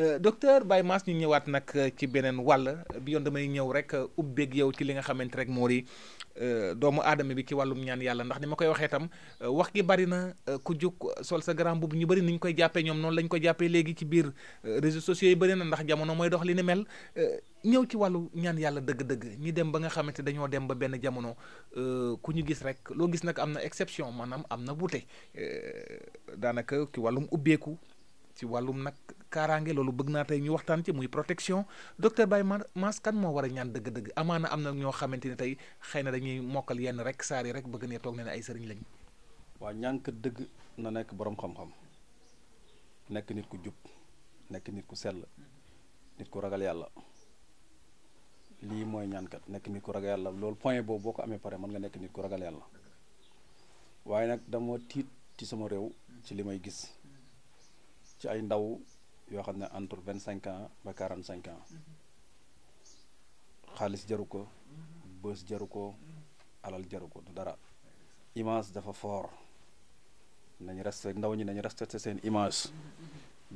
Euh, docteur bay Mass ñu ñëwaat nag euh, ci beneen wàll bi yoon damay ñëw rek euh, ubbeeg yow ci li nga xamante rek moo di doomu aadama bi ci wàllum ñaan yàlla ndax ni ma koy waxee tam wax gi bari na ku jóg sol sa grand boobu ñu bari ni koy jàppee ñoom noonu lañ ko jàppee léegi ci biir réseaux sociaux yi na ndax jamono mooy dox li ni mel ñëw ci wàllu ñaan yàlla dëgg-dëgg ñi dem ba nga xamante dañoo dem ba benn jamono ku ñu gis rek loo gis nag am na exception maanaam am na wuute daanaka ci wàllum ubbeeku ci wàllum nag kaaraange loolu bëgg naa tey ñu waxtaan ci muy protection docteur Baye Mass moo war a ñaan dëgg-dëgg amaana am na ñoo xamante ne tey xëy na dañuy mokkal yenn rek saar yi rek bëgg ne toog ne ne ay sëriñ lañ. waaw ñànkat dëgg na nekk borom xam nekk nit ku jub nekk nit ku sell nit ragal yàlla lii mooy ñaankat nekk nit ku ragal yàlla loolu point boobu boo ko amee pare mën nga nekk nit ku ragal yàlla waaye nag dama tiit ci sama réew ci li may gis ci ay ndaw yoo xam ne entre vingt cinq ans ba quarante cinq ans xaalis jaru ko bës jaru ko alal jaru ko du dara image dafa fort nañu respecté ndaw ñi nañu respecté seen image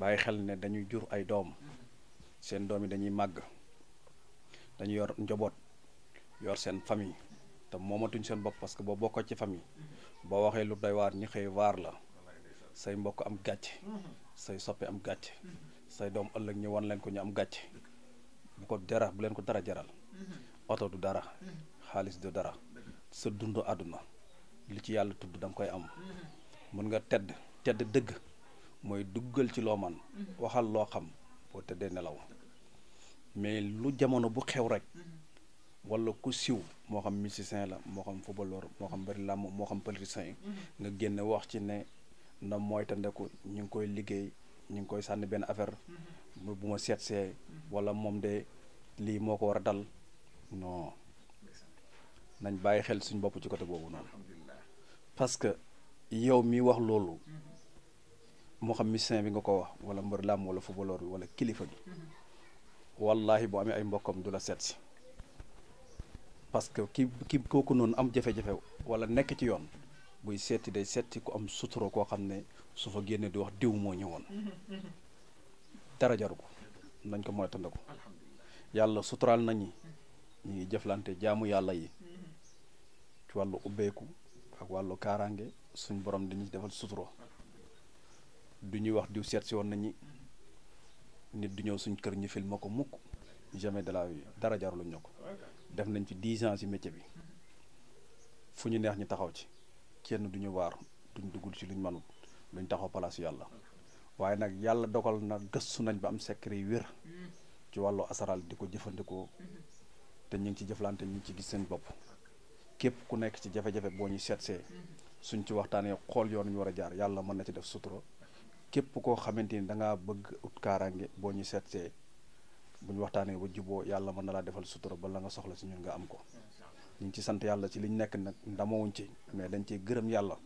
bàyyi xel ne dañuy jur ay doom seen doom yi dañuy màgg dañu yor njaboot yor seen famille te moomatuñ seen bopp parce que boo bokkoo ci famille boo waxee lu doy waar ñi xëy waar la say mbokk am gàcce say soppe am gàcce say doom ëllëg ñu wan leen ko ñu am gàcce bu ko jara bu leen ko dara jaral oto du dara xaalis du dara sa dund àdduna li ci yàlla tudd danga koy am mën nga tedd tedd dëgg mooy duggal ci loo man waxal loo xam boo tëddee nelaw mais lu jamono bu xew rek wala ku siw moo xam musicien la moo xam footballeur moo xam bëri làmm moo xam politicien nga génn wax ci ne ndax na moytandiku ñu ngi koy liggéey ñu ngi koy sànni benn affaire mm-hmm. bu ma seet see mm-hmm. wala moom de lii moo ko war a dal non nañ bàyyi xel suñ bopp ci côté boobu noonu parce que yow mi wax loolu mm-hmm. moo xam musicien bi nga ko wax wala mbër làmb wala footballeur bi wala kilifa bi wallahi boo amee ay mbokkam du la seet si parce que ki kooku noonu am jafe-jafe wala nekk ci yoon buy seeti day seeti ku am sutura koo xam ne su fa génne di wax diw moo ñëwoon dara jaru ko nañ ko moytandiku yàlla suturaal nañi ñu ngi jëflante jaamu yàlla yi wàllu ubbeeku ak wàllu kaaraange suñ borom dañuy defal sutura du ñuy wax diw seet si woon nañi nit du ñëw suñ kër ñu film ko mukk jamais de la vie dara jarul ñu ko def nañ ci dix ans ci métier bi fu ñu neex ñu taxaw ci kenn ñu waar duñ duggul ci luñ manut luñ taxaw palaasu yàlla waaye nag yàlla dogal na gëstu nañ ba am secret yu wér ci wàllu asaraal di ko jëfandikoo te ñu ngi ci jëflante ñu ci gis seen bopp képp ku nekk ci jafe-jafe boo ñu seetsee suñ ci waxtaanee xool yoon ñu war a jaar yàlla mën na ci def sutura képp koo xamante ni da bëgg ut kaaraange boo ñu seetsee bu ñu waxtaanee ba juboo yàlla mën na laa defal sutura ba la nga soxla si ñun nga am ko ñu ngi ci sant yàlla ci liñ nekk nag ndamawuñ ci mais dañ ciy gërëm yàlla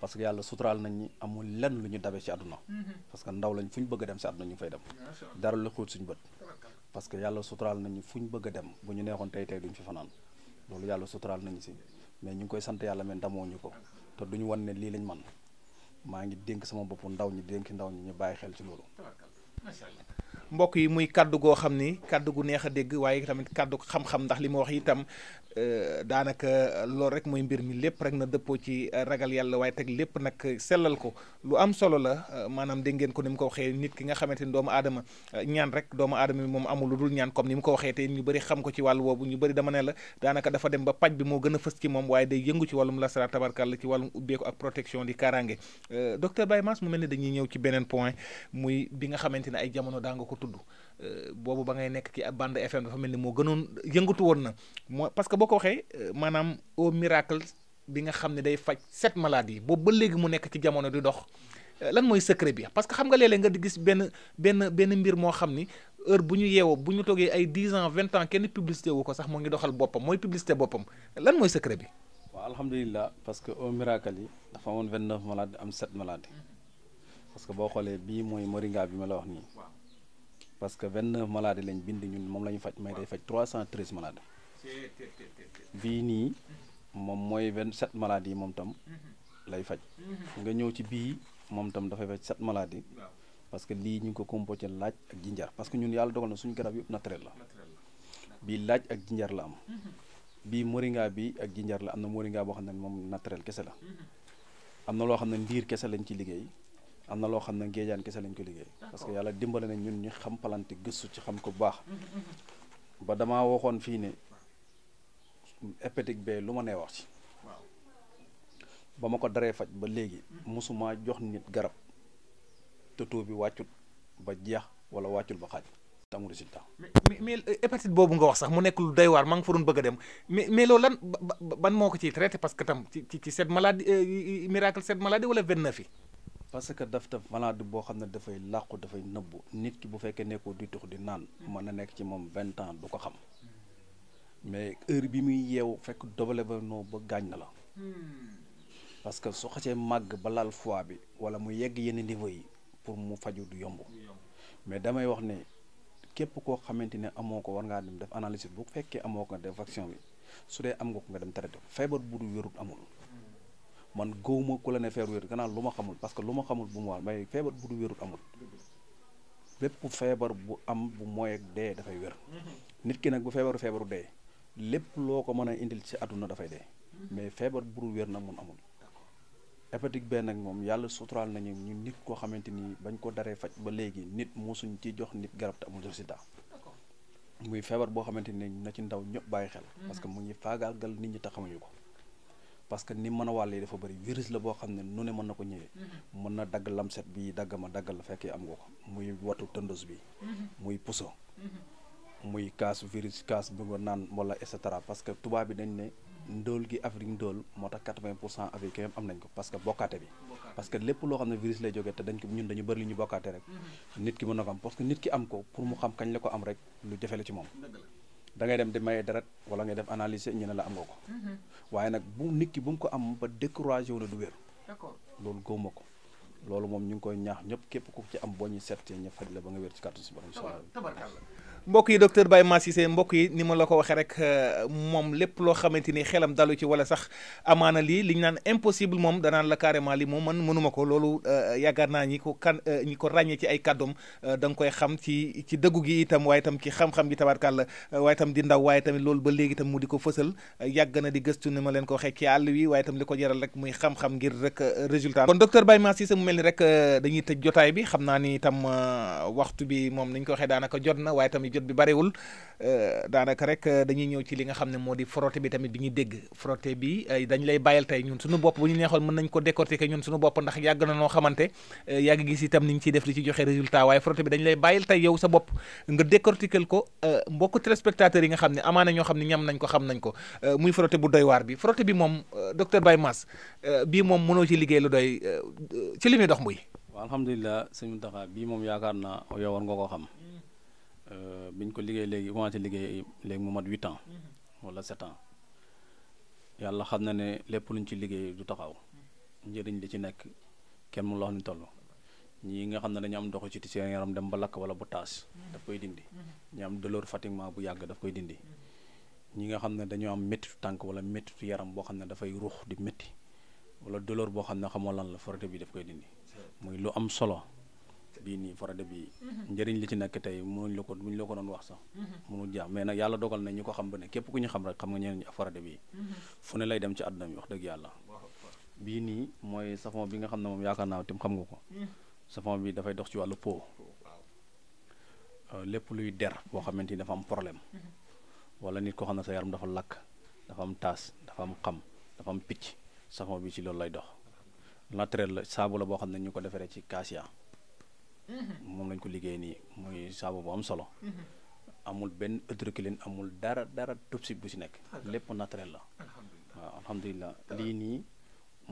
parce que yàlla suturaal nañ ñi amul lenn lu ñu dabee ci àdduna mm-hmm. parce que ndaw lañ fu ñu bëgg dem si àdduna ñu ngi fay dem dara lu xóot suñu bët parce que yàlla suturaal nañ ñi fu ñu bëgg dem bu ñu neexoon tey tey ñu fi fanaan loolu yàlla suturaal nañ si mais ñu ngi koy sant yàlla mais ndamoo ñu ko te duñu wan ne lii lañ man maa ngi dénk sama bopp ndaw ñi dénki ndaw ñi ñu bàyyi xel ci loolu mbokk yi muy kaddu goo xam ni kaddu gu neex a dégg waaye tamit kaddu xam-xam ndax li ma wax itam euh, daanaka euh, loolu rek mooy mbir mi lépp rek na dëppoo ci euh, ragal yàlla waaye teg lépp nag sellal ko lu am solo la maanaam dégg ngeen ko ni mu ko waxee nit ki nga xamante ni doomu aadama ñaan rek doomu aadama bi moom amul lu dul ñaan comme ni mu ko waxee te ñu bëri xam ko ci wàllu woobu ñu bëri dama ne la daanaka dafa dem ba paj bi moo gën a fës ci moom waaye day yëng ci wàllum lasara tabarkàlla ci wàllum ubbeeku ak protection di kaaraange docteur Baye Mass mu mel ne dañuy ñëw ci beneen point muy bi nga xamante ne ay jamono daa tudd euh, boobu ba ngay nekk ki bande FM dafa mel ni moo gënoon yëngatu woon na moo parce boo ko waxee euh, maanaam au miracle bi nga xam ne day faj sept maladies boobu ba léegi mu nekk ci jamono di dox euh, lan mooy secret bi parce que xam nga léeg nga di gis benn benn benn mbir moo xam ni heure bu ñu yeewoo bu ñu toogee ay dix ans vingt ans kenn publicité wu ko sax moo ngi doxal boppam mooy publicité boppam lan mooy secret bi. waaw alhamdulilah parce que au miracle yi dafa amoon vingt neuf maladies mm-hmm. ma parce que 29 maladies lañ bind ñun moom la ñu faj may day faj 313 malades bii nii moom mooy 27 maladies yi moom tam lay faj nga ñëw ci bii moom tam dafay faj 7 maladies parce que lii ñu ko composé laaj ak jinjar parce que ñun yàlla dogal na suñu garab yëpp naturel la bii laaj ak jinjar la am bii moringa bi ak jinjar la am na moringa boo xam ne moom naturel kese la am na loo xam ne ndiir kese lañu ci liggéey am na loo xam ne géejaan kese lañ ko liggéey parce que yàlla dimbale na ñun ñu xam palante gëstu ci xam ko bu baax mm-hmm, mm-hmm. ba dama waxoon fii ne hépatite B lu ma ne wax ci ba ma ko daree faj ba léegi mosuma mm-hmm. jox nit garab te bi wàccut ba jeex wala wàccul ba xaaj te amul résultat mais mais euh, hépatite boobu nga wax sax mu nekk lu doy waar maa ngi fa doon bëgg a dem mais mais loolu lan ban moo ko ciy traité parce que tam ci ci cette maladie euh, miracle cette maladie wala 29 yi parce que def daf maladie boo xam ne dafay làqu dafay nëbbu nit ki bu fekkee nekkoo di tux di naan hmm. mën a nekk ci moom vingt ans du ko xam mais heure bi muy yeew fekk dobale ba noo ba gaañ na la hmm. parce que su xasee màgg ba laal foie bi wala mu yegg yenn niveau yi pour mu faju du yomb mais damay wax ne képp koo xamante ne amoo ko war ngaa dem def analyse bu fekkee amoo ko def vaccin bi su dee am nga ko nga dem traité feebar bu du wérut amul man gëwuma ku la ne feer wér gannaaw lu ma xamul parce que lu ma xamul bu mu waal may feebar bu du wérut amul bépp feebar bu am bu mooy ak dee dafay wér mm-hmm. nit ki nag bu feebaru feebaru dee lépp loo ko mën a indil si àdduna dafay dee mm-hmm. mais feebar bu dul wér nag moom amul hépatite benn ak moom yàlla suturaal nañu ñu nit koo xamante ni bañ ko daree faj ba léegi nit mosuñ ci jox nit garab te amul résultat muy feebar boo xamante ni na ci ndaw ñëpp bàyyi xel mm-hmm. parce que mu ngi faagaagal nit ñi te xamuñu ko parce que ni mën a wàllee dafa bëri virus la boo xam ne nu ne mën na ko ñëwee. Mhm. mën na dagg lamset bi dagg ma dagg la fekk am nga ko muy watu tëndus bi. Mhm. muy puso. Mhm. muy kaas virus kaas bi nga naan wala et cetera parce tubaab bi dañ ne. ndóol gi Afrique ndóol moo tax quatre-vingt am nañ ko parce bokkaate bi. parce lépp loo xam ne virus lay jógee te dañ ko ñun dañu bëri lu ñu bokkaate rek. nit ki mën na ko am parce nit ki am ko pour mu xam kañ la ko am rek lu dangay dem di maye deret wala ngay def analyse ñu ne la am nga ko. Mhm. waaye nag bu nit ki bu mu ko am ba découragé wu la du wér. d'accord loolu gëwuma ko. loolu moom ñu ngi koy ñaax ñëpp képp ku ci am boo ñuy seet ña faj la ba nga wér ci kàttan si borom. tabarkalla mbokk yi docteur Baye Mass mbokk yi ni ma la ko waxee rek euh, moom lépp loo xamante ni xelam dalu ci wala sax amaana lii li ñu naan impossible moom danaan la carrément li moom man mënuma ko loolu euh, yaakaar naa ñi ko kan euh, ñi ko ràññee ci ay kàddoom da koy xam ci ci dëggu gi itam waaye itam ci xam-xam gi tabarkàlla waaye itam di ndaw waaye tamit loolu ba léegi mu di ko fësal yàgg na di gëstu ni ma leen ko waxee ci àll wi waaye itam li ko jaral rek muy xam-xam ngir rek résultat kon docteur Baye Mass Cissé mu mel ni rek dañuy tëj jotaay bi xam naa ni itam waxtu bi moom nañ ko waxee daanaka jot na waaye tamit jot bi bariwul euh, daanaka rek euh, dañuy ñëw ci li nga xam ne moo di frotté bi tamit bi ñu dégg frotté bi dañ lay bàyyil tey ñun suñu bopp bu ñu neexoon mën nañ ko décortiquer ñun suñu bopp ndax yàgg na noo xamante euh, yàgg gis itam ni ñu ciy def li ci joxe résultat waaye frotté bi dañ lay bàyyil tey yow sa bopp nga décortiquer ko yi nga xam ne amaana ñoo xam ne ñam nañ ko xam nañ ko muy frotté bu doy waar bi frotté bi moom docteur Baye Mass bii moom mënoo ci liggéey lu doy ci li muy dox mbuy waaw alhamdulilah sëñ Mountakha bii moom yaakaar naa yow war nga koo xam Euh, biñ ko liggéey léegi commencé liggéey léegi mu mat huit ans mm-hmm. wala sept yàlla xam na ne lépp luñ ci liggéey du taxaw mm-hmm. njëriñ li ci nekk kenn mu loo xam ne toll ñii nga xam ne dañu am ndoxu ci seen yaram dem ba lakk wala bu taas mm-hmm. daf koy dindi ñi am douleur bu yàgg daf koy dindi ñi nga xam ne dañoo am méttitu tànk wala méttitu yaram boo xam ne dafay ruux di métti wala douleur boo xam ne xamoo lan la forate bi daf koy dindi muy lu am solo bii nii forade bii mhm. njëriñ li ci nekk tey mënuñ la ko buñ la ko doon wax sax mënul mhm. jeex mais nag yàlla dogal na ñu ko xam ba ne képp ku ñu xam rek xam nga ñeneen forade bii mhm. fu ne lay dem ci àdduna bi wax dëgg yàlla bii nii mooy savon bi nga xam ne moom yaakaar naa tim xam nga ko savon bi dafay dox ci wàllu po euh, lépp luy der boo xamante ni dafa am problème wala nit koo xam ne sa yaram dafa lakk dafa am taas dafa am xam dafa am picc savon bi ci loolu lay dox naturel la saabu la boo xam ne ñu moom lañ ko liggéey nii muy saabu bu am solo. amul benn ëtrukiline amul dara dara toxique bu si nekk. lépp naturel la. waaw alhamdulilah lii nii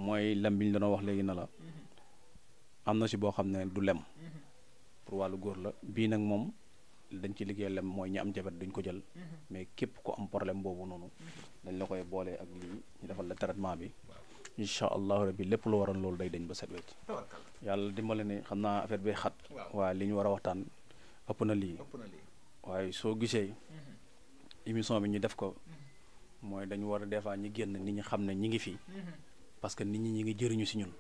mooy lem bi ñu doon wax léegi na la. Mhm. am na si boo xam ne du lem. Mhm. pour wàllu góor la bii nag moom dañ ci liggéey lem mooy ñi am jabar duñ ko jël. Mhm. mais képp ku am problème boobu noonu. dañ la koy boolee ak lii ñu defal la traitement bi. incha allahu rabi lépp lu waroon loolu day dañ ba set wecc yàlla dimbale ne xam naa affaire bi xat waaye li ñu war a waxtaan ëpp na lii waaye soo gisee mm-hmm. émission bi ñu def ko mm-hmm. mooy dañu war a des fois ñi génn nit ñi xam ne ñi ngi fi mm-hmm. parce que nit ñi ñi ngi jëriñu si ñun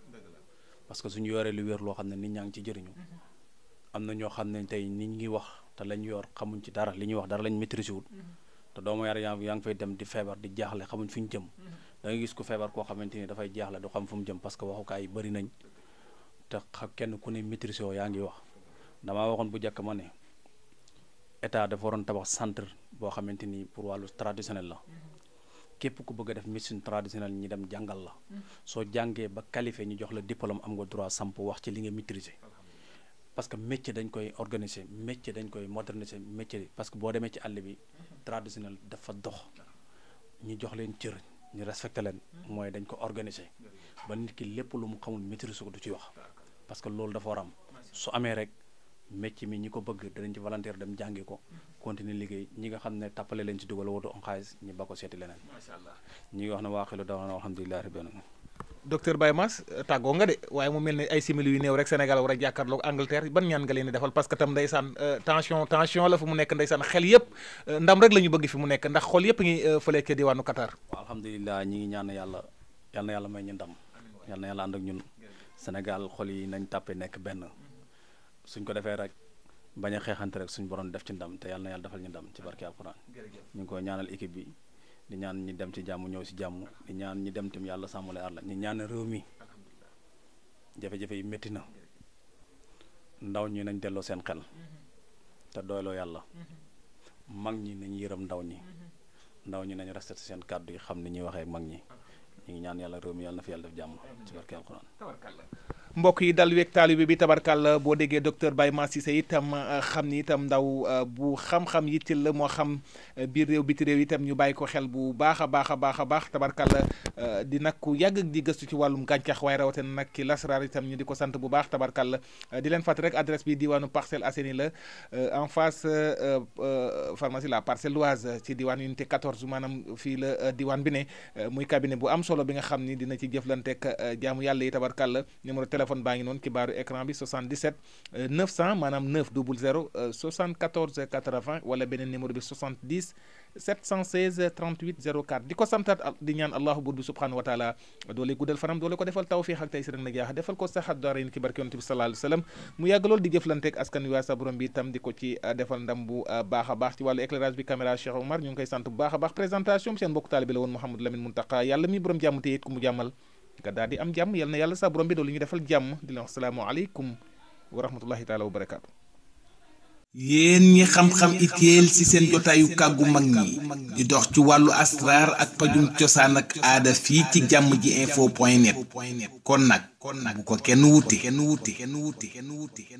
parce que suñu yoree lu wér loo xam ne nit ñaa ngi ci jëriñu am na ñoo xam ne tey nit ñi ngi wax te lañ yor xamuñ ci dara li ñuy wax dara lañ maîtriser wul te doomu yar yaa ngi fay dem di feebar di fi ñu da nga gis ku feebar koo xamante ni dafay jaaxle du xam fu mu jëm parce que waxukaay yi bëri nañ te kenn ku ne maîtrise yaa ngi wax damaa waxoon bu njëkk ma ne état dafa waroon tabax centre boo xamante ni pour wàllu traditionnel la képp ku bëgg a def médecine traditionnelle ñi dem jàngal la soo jàngee ba qualifié ñu jox la diplôme am nga droit samp wax ci li nga maîtriser parce que métier dañ koy organiser métier dañ koy moderniser métier parce que boo demee ci àll bi traditionnel dafa dox ñu jox leen cër. ñu respecté leen mooy dañ ko organiser ba nit ki lépp lu mu xamul maîtriser ko du ci wax parce que loolu dafa war am su amee rek métier mi ñi ko bëgg danañ ci volontaire dem jàngi ko continuer liggéey ñi nga xam ne tàppale leen ci dugal wootu on xaalis ñi ba ko seeti leneen ñi ngi wax ne waaxilu dawana alhamdulillahi rabbil alamin docteur Baye Mass tàggoo nga de waaye mu mel ni ay simili yu néew rek Sénégal war a jàkkaarloog Angleterre ban ñaan nga leen di defal parce que tam ndeysaan euh, tension tension la fu mu nekk ndeysaan xel yëpp euh, ndam rek la ñu bëgg fi mu nekk ndax xol yëpp ngi euh, fële ca diwaanu Qatar. waaw alhamdulilah ñi ngi ñaan yàlla yal na yàlla may ñu ndam yal na yàlla ànd ak ñun Sénégal xol yi nañ tàppe nekk benn suñ ko defee rek bañ a xeexante rek suñ borom def ci ndam te yal yàlla defal ñu ci barke alquran ñu ngi koy ñaanal équipe bi di ñaan ñi dem ci jàmm ñëw ci jàmm di ñaan ñi dem tam yàlla sàmmale aar la ñu ñaan réew mi jafe yi metti na ndaw ñi nañ delloo seen xel te doyloo yàlla mag ñi nañ yërëm ndaw ñi ndaw ñi nañ resté seen kàddu yi xam ni ñuy waxee mag ñi ñu ngi ñaan yàlla réew mi yàlla na fi yàlla def jàmm mbokk yi dal weeg taalibe bi la boo déggee docteur Baye Mass Cissé itam uh, xam ni itam ndaw uh, bu xam-xam yittil la moo xam uh, biir réew biti réew itam ñu bàyyi ko xel bu baax a baax a baax a baax tabarkàlla di nag ku yàgg di gëstu ci wàllum gàncax waaye rawatina nag ki lasraar itam ñu di ko sant bu baax tabarkàlla di leen fàttali rek adresse bi diwaanu Parcelles Assainies la en face pharmacie la Parcelloise ci diwaan unité 14 maanaam fii la diwaan bi ne muy cabinet bu am solo bi nga xam ni dina ci jëflanteeg jaamu yàlla yi tabarkàlla téléphone baa ngi noonu euh, euh, di ko samtaat di ñaan allahu buur bi subhanahu doole guddal fanam doole ko defal tawfiix ak tey si rek nag defal ko saxat doora yin ki barke yonent bi sallallahu alayhi wa sallam mu yàgg lool di jëflanteeg askan wi waa sa borom bi di ko ci euh, defal ndam bu baax a baax ci wàllu éclairage bi caméra Cheikh Omar ñu ngi koy sant bu baax a baax présentation bi seen mbokk taalibe la woon Mouhamadou Lamine Muntaka yàlla mi borom jàmm te nga daal di am jàmm yal na yàlla sa borom bi doo li ñu defal jàmm di leen wax salaamualeykum wa rahmatullahi taala wa barakaatu. yéen ñi xam-xam itéel ci seen jotaayu kàggu mag ñi di dox ci wàllu asraar ak pajum cosaan ak aada fii ci jàmm ji info point net kon nag bu ko kenn wuti.